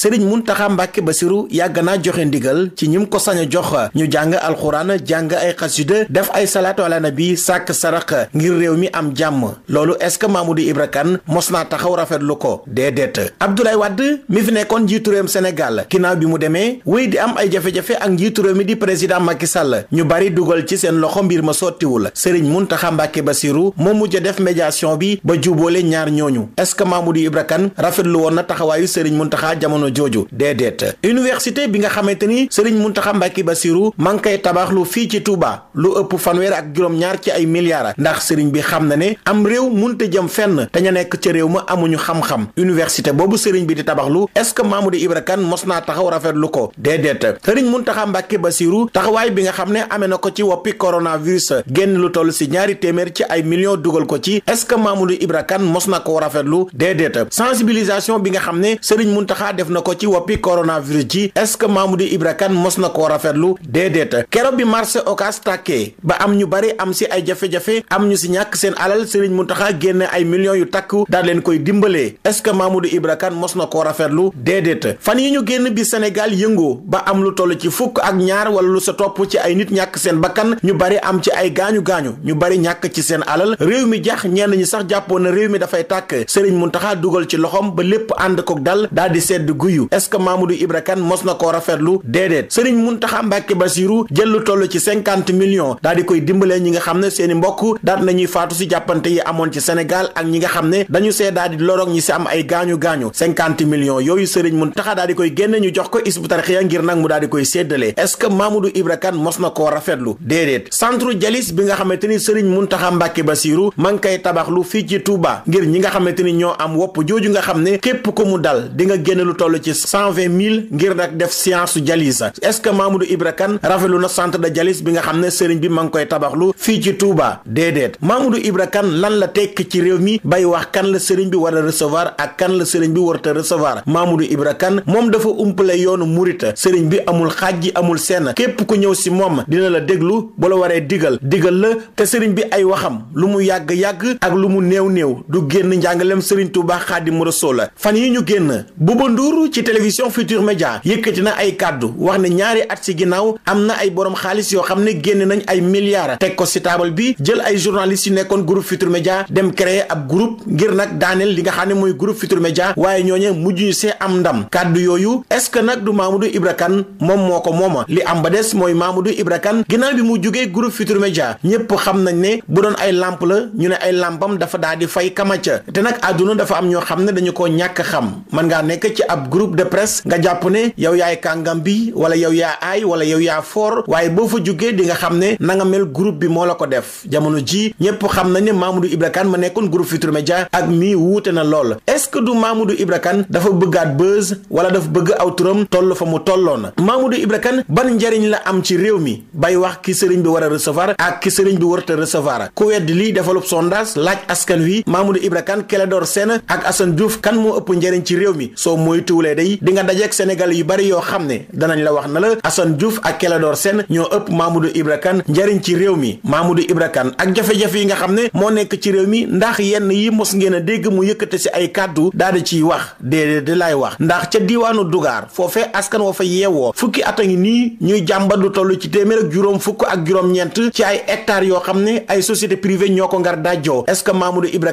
Serigne Mountakha Mbacké Bassirou yàgg naa joxe ndigal ci ñim ko sañ jox ñu jàng alxuraan jàng ay xasida def ay salaatu ala nabi sàkk sarax ngir réew mi am jàmm loolu est-ce que Mamadou Ibra Kane mos naa taxaw rafetlu ko déedéet Abdoulaye Wade mi fi nekkoon njiitu réewum Sénégal ginnaaw bi mu demee wéy di am ay jafe-jafe ak njiitu mi di président Macky Sall ñu bari dugal ci seen loxo mbir ma sottiwul Serigne Mountakha Mbacké basiru moo mujj a def médiation bi ba jubóole ñaar ñooñu est-ce que Mamadou Ibra Kane rafetlu woon na taxawaayu Serigne Mountakha jamono jamono jooju déedéet université bi nga xamante ni Serigne Mountakha Mbacké Bassirou maa ngi koy tabaxlu fii ci Touba lu ëpp fanweer ak juróom-ñaar ci ay milliards ndax Serigne bi xam na ne am réew munta jëm fenn te ña nekk ca réew ma amuñu xam-xam université boobu sëriñ bi di tabaxlu est-ce que Mamadou Ibra kan mos naa taxaw rafetlu ko déedéet Serigne Mountakha Mbacké Bassirou taxawaay bi nga xam ne amee na ko ci woppi coronavirus génn lu toll si ñaari téeméer ci ay millions dugal ko ci est-ce que na ko rafetlu na ko ci woppi coronavirus ji est-ce que Mamoudou Ibra Kane mos na koo rafetlu déedéet keroog bi marché Ocass tàkkee ba am ñu bari am si ay jafe-jafe am ñu si ñàkk seen alal mu Mountakha génne ay millions yu takk daal leen koy dimbalee est-ce que Mamoudou Ibra Kane mos na koo rafetlu déedéet fan yi ñu génn bi senegal yëngoo ba am lu toll ci fukk ak ñaar wala lu sa topp ci ay nit ñàkk seen bakkan ñu bari am ci ay gaañu gaañu ñu bari ñàkk ci seen alal réew mi jax ñenn sax jàppoon réew mi dafay tàkk Serigne Mountakha dugal ci loxoom guyu est-ce que Mamadou Ibra Kane mos na koo rafetlu déedéet sëriñ Muntaxa Mbàkke Basiru jël lu toll ci cinquante millions daal di koy dimbalee ñi nga xam ne seen i mbokk daat nañuy faatu si jàppante yi amoon ci Sénégal ak ñi nga xam ne dañu see di loroog ñi si am ay gaañu gaañu cinquante millions yooyu sëriñ Muntaxa daal koy génne ñu jox ko Hizbut Tarqiyyah ngir nag mu daal koy séddale est-ce que Mamadou mos na koo rafetlu déedéet centre jalis bi nga xamante ma ngi koy tabaxlu fii ci Touba ngir ñi toll ci cent vingt mille ngir nag def séance su dialyse est-ce que Mamadou Ibra Kane rafetlu na centre de dialyse bi nga xam ne sëriñ bi ma ngi koy tabaxlu fii ci Touba déedéet Mamadou Ibra Kane lan la tekk ci réew mi bay wax kan la sëriñ bi war a recevoir ak kan la sëriñ bi war te warta recevoir Mamadou Ibra Kane moom dafa umpale yoonu murita sëriñ bi amul xaaj amul seen képp ku ñëw si moom dina la déglu bu la waree digal digal la te sëriñ bi ay waxam lu mu yàgg-yàgg ak lu mu néew néew du génn njàngaleem sëriñ Touba Xaadimu Rasuul la fan Ndour ci télévision Futur Média yëkkati na ay kàddu wax ne ñaari at ci ginnaaw am na ay borom xaalis yoo xam ne génn nañ ay milliards teg ko ci taabal bi jël ay journalistes yu nekkoon groupe Futur Média dem créer ab groupe ngir nag daaneel li nga xam ne mooy groupe Futur Média waaye ñoo ñooñu mujj ñu see am ndam kàddu yooyu est ce que nag du Mamadou Ibra Kane moom moo ko mooma li am ba des mooy Mamadou Ibra Kane ginnaaw bi mu jugee groupe Futur Média ñëpp xam nañ ne bu doon ay lamp la ñu ne ay lampam dafa daal di fay kamaca te nag àdduna dafa am ñoo xam ne dañu ko ñàkk xam ab groupe de presse nga jàpp ne yow yaay kàngam bi wala yow yaa aay wala yow yaa foor waaye boo fa jógee di nga xam ne na nga mel groupe bi moo la ko def jamono ji ñépp xam na ne Mamadou Ibra Kane ma nekkoon groupe Futurs Médias ak mii wuute na lool est-ce que du Mamadou Ibra Kane dafa bëggaat buzz wala dafa bëgg aw turam toll fa mu tolloon Mamadou Ibra Kane ban njariñ la am ci réew mi bay wax ki sëriñ bi war a recevoir ak ki sëriñ bi warut a recevoir ku wedd lii defalub sondage laaj askan wi Mamadou Ibra Kane Clédor Sène ak Assane Diouf kan moo ëpp njariñ ci réew mi teewulee day di nga dajeek Sénégal yu bari yoo xam ne danañ la wax na la Assane Diouf ak Clédor Sène ñoo ëpp Mamadou Ibra Kane njariñ ci réew mi Mamadou Ibra Kane ak jafe-jafe yi nga xam ne moo nekk ci réew mi ndax yenn yi mos ngeen a dégg mu yëkkate si ay kàddu daal di ciy wax déedéet di laay wax ndax ca diiwaanu Dugaar foofee askan wa fa yeewoo fukki at a ngi nii ñuy jàmbat lu toll ci téeméer ak juróom fukk ak juróom-ñeent ci ay hectares yoo xam ne ay société privée ñoo ko ngar dajjoo est-ce que Mamadou Ibra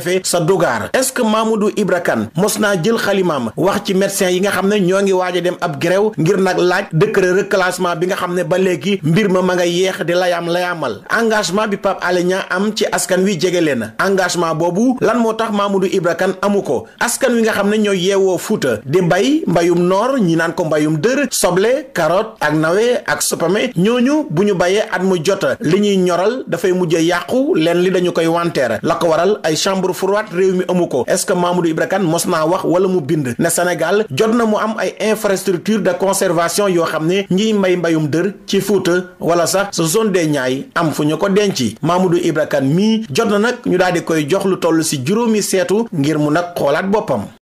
jafe-jafe sa dugaar est-ce que Mamadou Ibra Kane mos naa jël xalimaam wax ci médecin yi nga xam ne ñoo ngi waaja dem ab grève ngir nag laaj décret reclassement bi nga xam ne ba léegi mbir ma ma nga yeex di layaam layaamal engagement bi Pape Alé am ci askan wi jege leen engagement boobu lan moo tax Mamadou du Kane amu ko askan wi nga xam ne ñoo yeewoo Fuuta di mbay mbayum noor ñi naan ko mbayum dër soble carotte ak nawe ak supame ñooñu bu ñu bayee at mu jot li ñuy ñoral dafay mujj yàqu leen li pour furwaat réew mi amu ko est ce que Mamadou Ibra Kane mos naa wax wala mu bind ne Sénégal jot na mu am ay infrastructure de conservation yoo xam ne ngi mbay mbayum dër ci Fuuta wala sax sa zone des Niayes am fu ñu ko denc Mamadou Ibra ibrakan mii jot na nag ñu daal di koy jox lu toll si juróomi seetu ngir mu nag xoolaat boppam